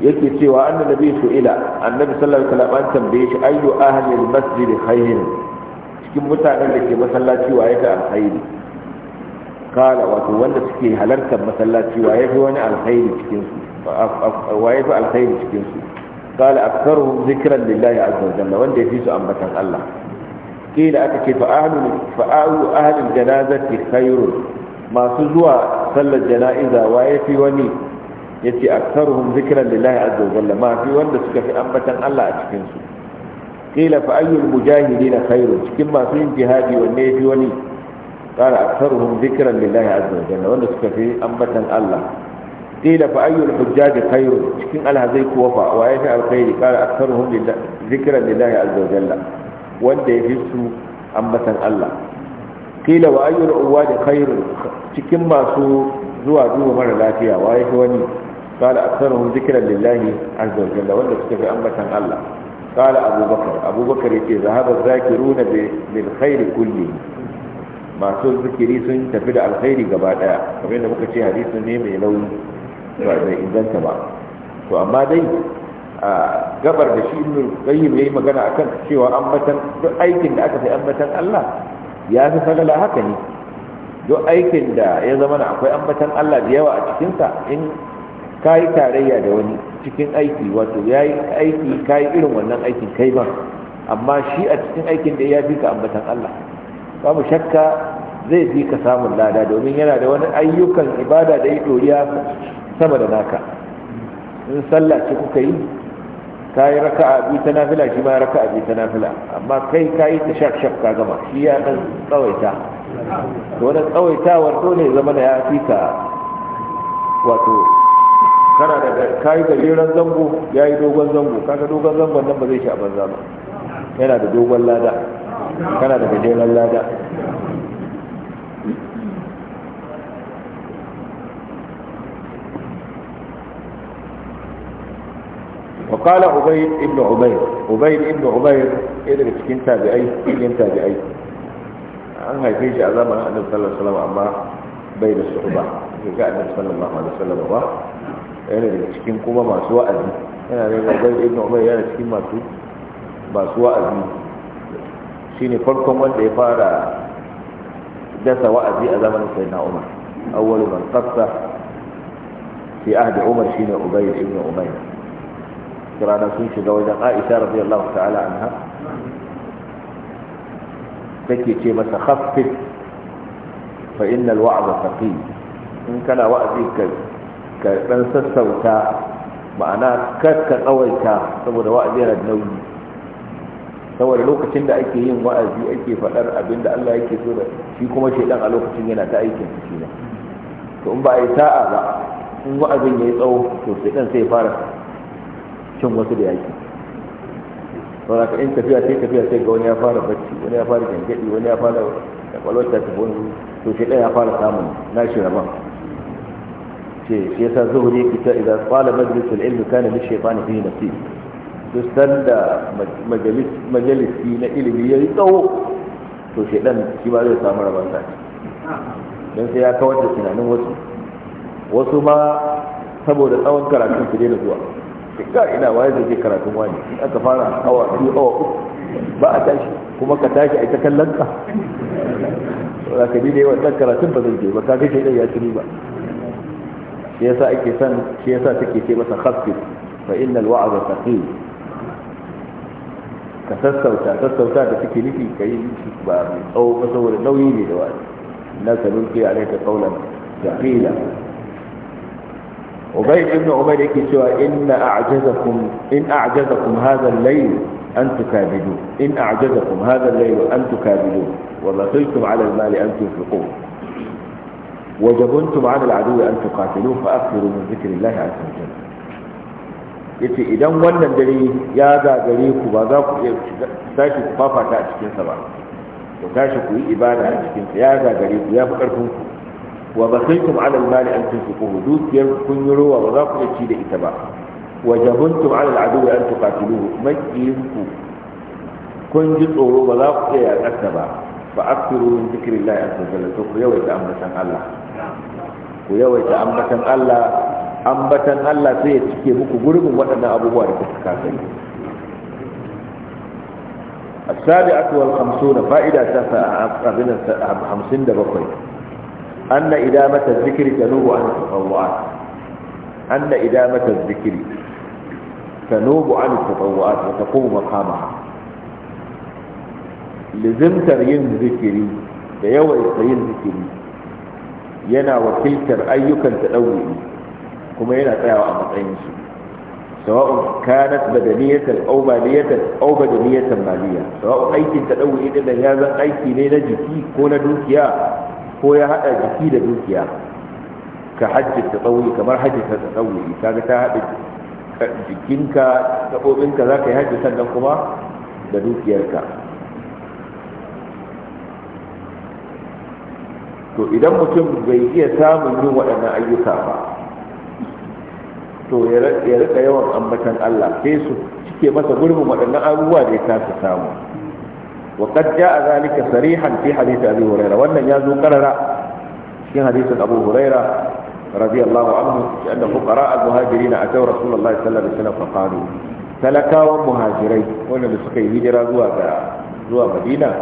[SPEAKER 1] yake cewa annan nabi su'ila annabi sallar alaihi wasallam tambaye shi ayyu ahli al-masjid cikin mutanen da ke masallaci waye ga alkhairi kala wato wanda suke halartar masallaci waye fi wani alkhairi cikin su waye fi alkhairi cikin su kala aktsaruhum zikran lillahi azza wa jalla wanda fi su ambatan Allah kila aka ce fa'alu ahalin janazati khairun masu zuwa sallar jana'iza wa ya fi wani ya ce aksaruhum zikiran lillahi azza ma fi wanda suka fi ambatan Allah a cikinsu. kila fa ayyul mujahidina cikin masu yin jihadi wanne ya fi wani قال أكثرهم ذكرا لله عز وجل وأن في أمة الله قيل فأي الحجاج خير شكين ألها زيك وفا وأيش الخير قال أكثرهم لله ذكرا لله عز وجل wanda ya fi su ambatan Allah kila wa ayyul da khairu cikin masu zuwa duba mara lafiya wa yake wani qala aktharuhum zikran lillahi azza wa jalla wanda suka fi ambatan Allah qala abubakar abubakar yake zahaba zakiruna bil khairi kulli masu zikiri sun tafi da alkhairi gaba daya kamar yadda muka ce hadisi ne mai nauyi ba zai inganta ba to amma dai gabar da shi ibn qayyim yayi magana akan cewa ambatan duk aikin da aka fi ambatan Allah ya fi sagala haka ne duk aikin da ya zama na akwai ambatan Allah da yawa a cikin sa in kai tarayya da wani cikin aiki wato yayi aiki kai irin wannan aikin kai ba amma shi a cikin aikin da ya fi ka ambatan Allah babu shakka zai fi ka samun lada domin yana da wani ayyukan ibada da ya doriya sama da naka in sallah ce kuka yi ka yi raka a biyu ta nafila shi ma raka a biyu ta nafila amma kai ka yi ta shaf shaf ka gama shi ya dan tsawaita to wani tsawaita tsawaitawar dole zama da ya fi ka wato kana da ka yi gajeren zango ya yi dogon zango kaga dogon zangon nan ba zai sha banza ba yana da dogon lada kana da gajeren lada وقال عبيد ابن عبيد عبيد ابن عبيد إذا cikin تابعي إلين تابعي an haife shi a zamanin annabi sallallahu alaihi wasallam amma bai da suhuba bai ga annabi sallallahu alaihi wasallam ba yana daga cikin kuma masu wa'azi yana da ga bai ibn umar yana cikin masu masu wa'azi shine farkon wanda ya fara dasa wa'azi a zamanin sayyidina umar awwalu man qassa fi ahdi umar shine ubayy ibn umayr wata rana sun shiga wajen aisha radiyallahu ta'ala anha take ce masa khaffif fa innal wa'za in kana wa'azi ka sassauta ma'ana kar ka tsawaita saboda wa'azi yana nauyi saboda lokacin da ake yin wa'azi ake faɗar abinda Allah yake so da shi kuma shedan a lokacin yana ta aikin shi ne to in ba a yi sa'a ba in wa'azin ya yi tsawo to sai dan sai fara cin wasu da yaki saboda ka in tafiya sai tafiya sai ga wani ya fara bacci wani ya fara gangadi wani ya fara kwakwalwar ta tafi wani to shi ɗaya ya fara samun shi rabon ce shi yasa zuhuri yake ta idan kwala majalisul ilmi kana li shaytani fi nafsi duk sanda majalisi na ilimi yayi tsawo to ɗan shi ba zai samu rabon ta don sai ya kawar da tunanin wasu wasu ma saboda tsawon karatun su daina zuwa ce ka ina waye zai je karatun wani in aka fara awa biyu awa uku ba a tashi kuma ka tashi a ita kallon ka za ka ni ne wannan karatun ba zai je ba ka ga shaidan ya ci ba shi yasa ake san shi yasa take ce masa khaffif fa innal wa'da thaqil ka sassauta sassauta da suke nufi ka yi ba mai tsawo ba saboda nauyi ne da wani na sanunki alaika kaulan da qila ubay ibn umar yake cewa inna a'jazakum in a'jazakum hadha al-layl an tukabidu in a'jazakum hadha al-layl an tukabidu wa batiltum 'ala al-mali an tunfiqu wa jabuntum 'ala al-'aduwwi an tuqatilu fa akthiru min dhikrillahi 'azza wa jalla yace idan wannan dare ya gagare ku ba za ku iya tashi ku fafata a cikin sa ba to tashi ku yi ibada a cikin sa ya gagare ku ya fi karfin ku wa basaitum ala alal mali an tunfiquhu dukiyar kun yi ruwa ba za ku iya ci da ita ba wa jabuntum ala al-aduwi an tuqatiluhu makiyinku kun ji tsoro ba za ku iya yaƙarta ba fa aktiru min zikrillah azza wa jalla ku yawaita ambatan Allah ku yawaita ambatan Allah ambatan Allah sai ya cike muku gurbin waɗannan abubuwa da kuka kasance السابعة والخمسون فائدة خمسين دبقين anna idamata zikri tanubu an tatawwu'at anna idamata zikri tanubu an tatawwu'at wa taqumu maqamaha yin zikiri da yawaita yin zikiri yana wakiltar ayyukan tadawwi kuma yana tsayawa a matsayin su سواء كانت maliya. أو مالية أو بدنية مالية ya zan aiki ne na jiki ko na dukiya? ko ya haɗa jiki da dukiya ka hajji ta tsauri kamar hajji ta tsauri kaga ta haɗa jikinka gaɓoɓinka za ka yi hajji sannan kuma da dukiyarka to idan mutum bai iya samun yin waɗannan ayyuka ba to ya rika yawan ambatan Allah sai su cike masa gurbin waɗannan abubuwa da ya kasa samu وقد جاء ذلك صريحا في حديث أبي هريرة وأن يازو قرر في حديث أبو هريرة رضي الله عنه أن فقراء المهاجرين أتوا رسول الله صلى الله عليه وسلم فقالوا تلكا ومهاجرين وأن سكي هجرة زوا مدينة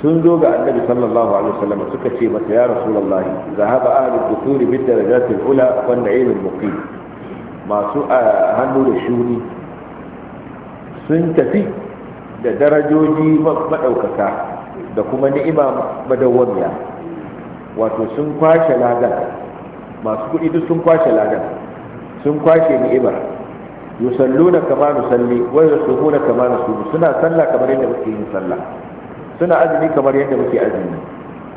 [SPEAKER 1] sun zo ga annabi sallallahu alaihi wasallam suka ce masa ya rasulullah zahaba ahlud dukuri bid darajatil ula wan na'imul muqim masu hannu da shuni sun tafi da darajoji maɗaukaka da kuma ni'ima madawwamiya wato sun kwashe ladan masu kuɗi duk sun kwashe ladan sun kwashe ni'imar yusalluna kama nusalli wa na kama nusumu suna sallah kamar yadda muke yin sallah suna azumi kamar yadda muke azumi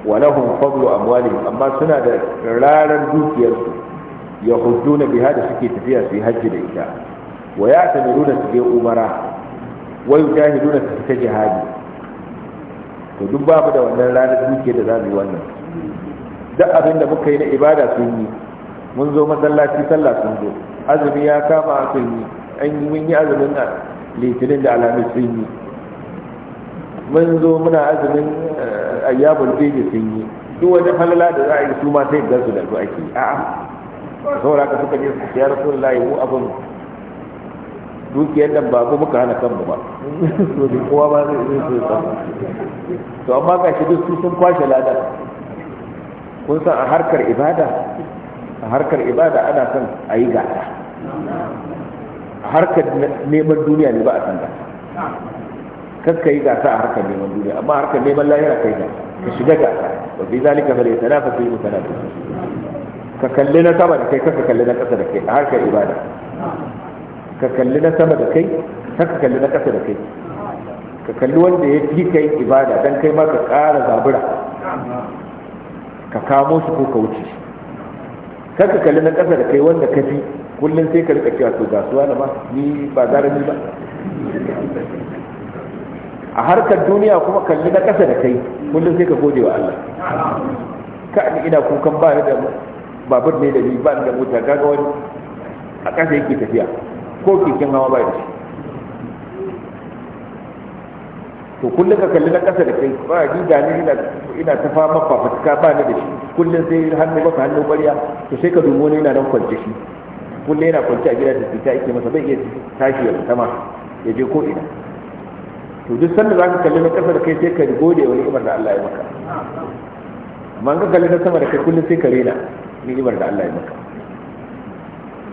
[SPEAKER 1] wa lahum fadlu amwalihim amma suna da rarar dukiyarsu yahudduna biha da suke tafiya su yi hajji da ita wa ya tamiru da su je umara wa yujahiduna fi jihadi to duk babu da wannan ranar duke da za mu yi wannan duk abin da muka yi na ibada sun yi mun zo masallaci sallah sun zo azumi ya kama sun yi an yi mun yi azumin nan litinin da alamis sun yi mun zo muna azumin eh, ayyabul bidi sun yi duk wani halala da za a yi su ma sai su da su ake a'a saboda ka suka je su ya rasulullahi mu abin dukiyar nan ba mu muka hana kanmu ba kowa ba zai zai so ya to amma ga shi duk sun kwashe ladan kun san a harkar ibada a harkar ibada ana son a yi gasa a harkar neman duniya ne ba a san gasa kan ka yi gasa a harkar neman duniya amma harkar neman lahira kai gasa ka shiga gasa wa fi zalika fa laysa nafa fi mutanafisin ka kalli na sama da kai ka kalli na ƙasa da kai a harkar ibada ka kalli na sama da kai ka kalli na ƙasa da kai ka kalli wanda ya fi kai ibada don kai ma ka ƙara zabura ka kamo shi ko ka wuce shi ka kalli na ƙasa da kai wanda ka fi kullum sai ka rika cewa to gasuwa na ma ni ba zara ni ba a harkar duniya kuma kalli na ƙasa da kai kullum sai ka gode wa Allah ka ni ina kukan ba da babur ne da ni ba ni da mota ga wani a ƙasa yake tafiya ko keken hawa bai da to kullum ka kalli na ƙasa da kai ba da ne ina ta fama fafutuka ba ni da shi kullum sai hannu ka hannu ƙwarya to sai ka dubo ne yana nan kwance shi kullum yana kwance a gidan da fita ake masa bai iya tashi ya fita ya je ko ina to duk sanda za ka kalli na ƙasa da kai sai ka gode wa ni'imar da Allah ya maka amma ka kalli na sama da kai kullum sai ka rena ni'imar da Allah ya maka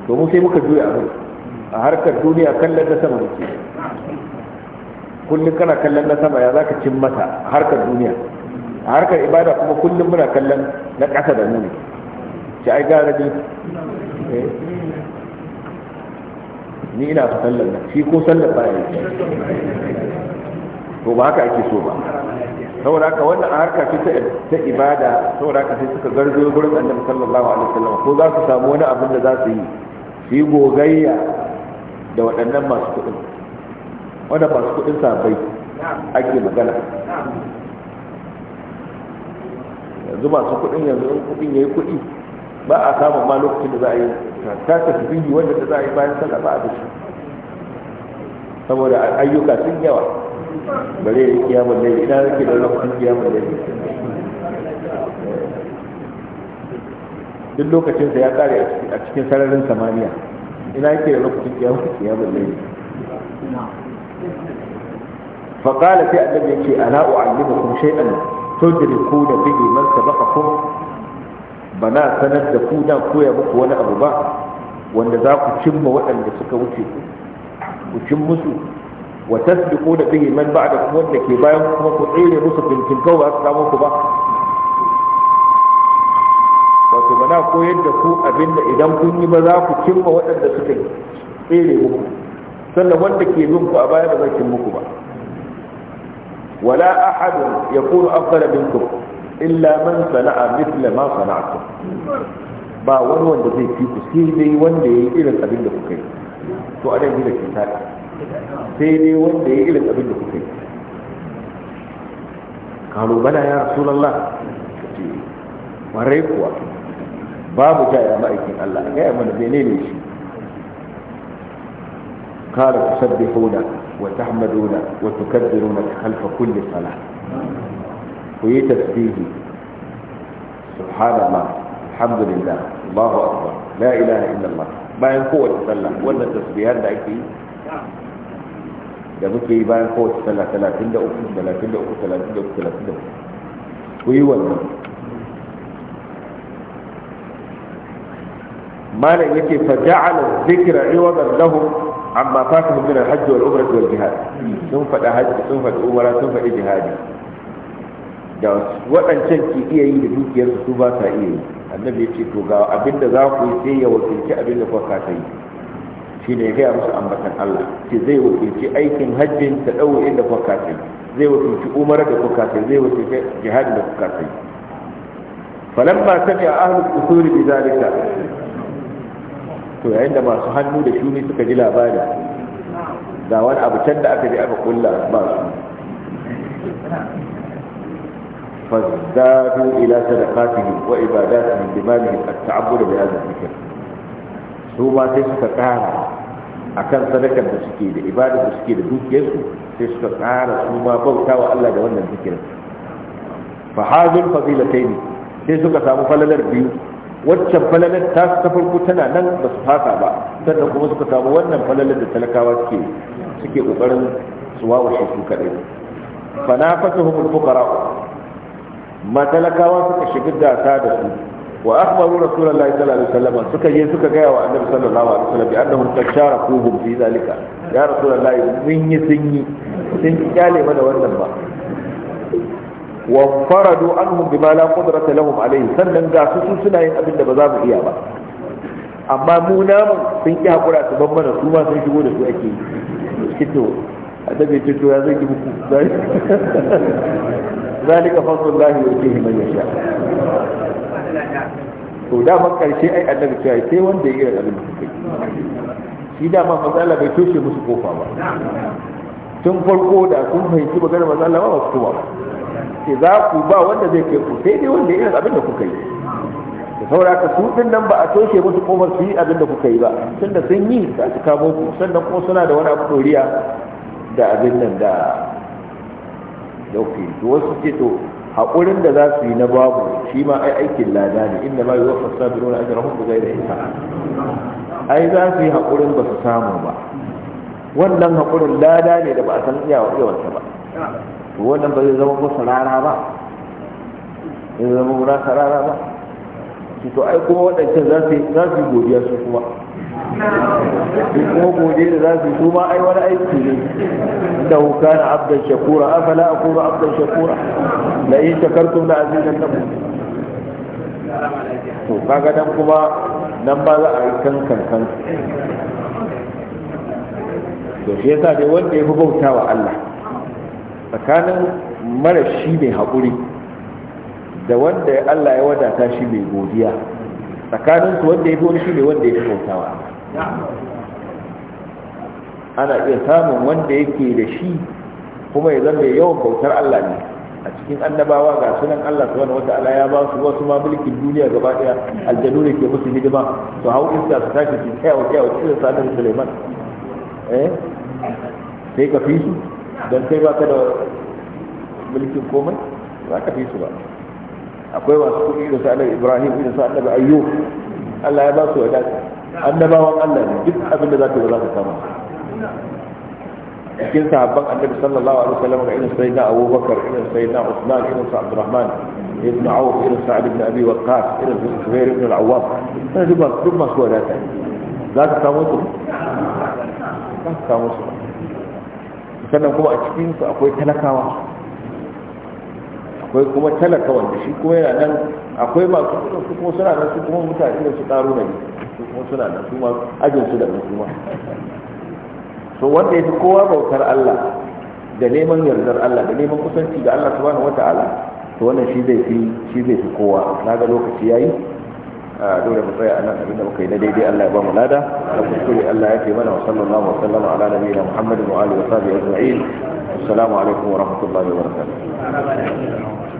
[SPEAKER 1] to mu sai muka juya a a harkar duniya kallon na sama muke kullum kana kallon na sama ya za ka cin mata a harkar duniya a harkar ibada kuma kullum muna kallon na ƙasa da muni shi ai gara ni eh. ni ina fa sallar nan shi ko sallar ba yi to ba haka ake so ba saboda haka wannan a harkar shi ta ibada saboda haka sai suka garzo gurin annabi sallallahu alaihi wasallam ko za su samu wani abin da za su yi su gogayya da waɗannan masu kuɗin wanda masu kuɗin sabai ake magana yanzu masu kuɗin yanzu kuɗin ya yi kuɗi ba a samun ma lokacin da za a yi ta tasbihi wanda da za a yi bayan saka ba a da shi saboda ayyuka sun yawa bare da kiyamun laili ina rike da lokacin kiyamun laili duk lokacinsa ya kare a cikin sararin samaniya ina yake da lokacin kiyama kiyama ne fa qala sai annabi yace ala u'allimukum shay'an tudrikuna bihi man sabaqakum bana sanar da ku da koya muku wani abu ba wanda za ku cimma waɗanda suka wuce ku ku cin musu wa tasbiquna bihi man ba'dakum wanda ke bayan kuma ku tsere musu bintin kawai ba su samu ku ba na koyar da ku abinda idan kun yi ba za ku cimma waɗanda suka yi tsere muku sannan wanda ke bin ku a baya ba zai muku ba wala ya yakunu afdala minkum illa man sana'a mithla ma sana'tum ba wani wanda zai fi ku sai dai wanda yayi irin abin da kuka yi to a nan gida ke tada sai dai wanda yayi irin abin da kuka yi kalu bala ya rasulullah warai kuwa babu jaya ma'aikin Allah a gaya mana bene menene shi kare tusabbihuna wa tahmaduna wa tukabbiruna khalfa kulle salah ku yi tasbihi subhanallah alhamdulillah Allahu akbar la ilaha illallah bayan kowace sallah wannan tasbihar da ake yi da muke yi bayan kowace sallah talatin da uku, ku yi wannan malam yake fa ja'ala dhikra iwadan lahum amma fatahum min al-hajj wal wal jihad sun fada hajji sun fada umra sun fada jihadi da waɗancan ke iya yi da dukiyarsu su ba sa iya yi annabi ya ce to ga abinda za ku yi sai ya wakilci abinda kuka kasa yi shi gaya musu ambatan Allah ce zai wakilci aikin inda kuka zai wakilci umar da kuka zai wakilci da kuka a ahlul usuri to yayin da masu hannu da shuni suka ji labari
[SPEAKER 2] da wani abu can da aka je aka kulla ba su ila
[SPEAKER 1] فازدادوا إلى صدقاتهم وعباداتهم بمالهم التعبد بهذا الذكر su ma sai suka ƙara a kan sadakar da suke da ibadar da suke da dukiyarsu sai suka ƙara su ma bauta wa Allah da wannan zikirin fa hazul fazilataini sai suka samu falalar biyu waccan falalar ta ta farko tana nan ba su fasa ba sannan kuma suka samu wannan falalar da talakawa suke suke kokarin su wawashe su kadai fa na fata hukumar fukara ma talakawa suka shiga gasa da su wa akhbaru rasulullahi sallallahu alaihi wasallam suka je suka ga wa annabi sallallahu alaihi wasallam bi annahum tashara kuhum fi zalika ya rasulullahi mun yi sun yi sun kyale mana wannan ba wa faradu anhum bima la qudrata lahum alayhi sannan ga su su suna yin abin da ba za mu iya ba amma mu mu sun ki hakura su ban mana su ma sun shigo da su ake kito a dabe to ya zai ki muku zalika fadlullahi kihi man yasha to da man karshe ai annabi cewa sai wanda ya irin abin da kai shi da ma matsala bai toshe musu kofa ba tun farko da kun fahimci maganar matsala ba ba su ba ce za ku ba wanda zai kai ku sai dai wanda irin abin da kuka yi da sauraka su din nan ba a toshe musu kofar su yi abin da kuka yi ba tun da sun yi za su kamo ku sannan kuma suna da wani abu doriya da abin nan da dauke to wasu ce to haƙurin da za su yi na babu shi ma ai aikin lada ne inda ma yiwuwa fasa biro na ajiyar hukun zai da ita ai za su yi haƙurin ba su samu ba wannan haƙurin lada ne da ba a san iyawa iyawarsa ba to wannan ba zai zama musu rara ba zai zama musu rara ba to ai kuma waɗancan za su yi godiya su kuma in kuma godiya da za su yi su ma ai wani aiki ne da hukka na abdan shakura afala a kuma abdan shakura na yi shakartun na azizan na
[SPEAKER 2] to kaga nan kuma nan ba za a yi kan kankan to shi yasa dai wanda ya fi bauta wa Allah
[SPEAKER 1] tsakanin mara shi mai haƙuri da wanda Allah ya wadata shi mai godiya tsakanin su wanda ya fi wani shi ne wanda ya fi kautawa ana iya samun wanda yake da shi kuma ya zama yawan bautar Allah ne a cikin annabawa ga sunan Allah su wani wata ala ya ba su wasu ma mulkin duniya gaba daya aljanu ne ke musu hidima su hau iska su tashi su tsaya wa tsaya wa suleiman eh sai ka fi su don kai ba ka da mulkin komai za ka fi su ba akwai wasu kuɗi da sa'adar ibrahim da sa'adar ayyo allah ya ba su wadata annabawan allah ne duk abin da za ka yi za ka kama cikin sahabban annabi sallallahu alaihi wasallam ga irin sayyidina abubakar irin sayyidina usman irin sa abdurrahman ibn auf irin sa'ad ibn abi waqqas irin zubair ibn al-awwam sai duk masu wadata za ka samu su za ka kamo su sannan kuma a cikinsu akwai talakawa akwai kuma talaka wanda shi kuma yana nan akwai masu kudin su kuma suna nan su kuma mutane da su karo da su kuma suna nan su ma ajin su da ma so wanda ya fi kowa bautar Allah da neman yardar Allah da neman kusanci da Allah subhanahu wata'ala to wannan shi zai fi shi zai fi kowa na ga lokaci yayi dole mu tsaya nan abinda muka yi na daidai Allah ya ba mu lada da kuskure Allah ya ce mana wa sallallahu wa sallama ala nabiyina Muhammadin wa alihi wa sahbihi ajma'in assalamu alaikum wa rahmatullahi wa
[SPEAKER 2] barakatuh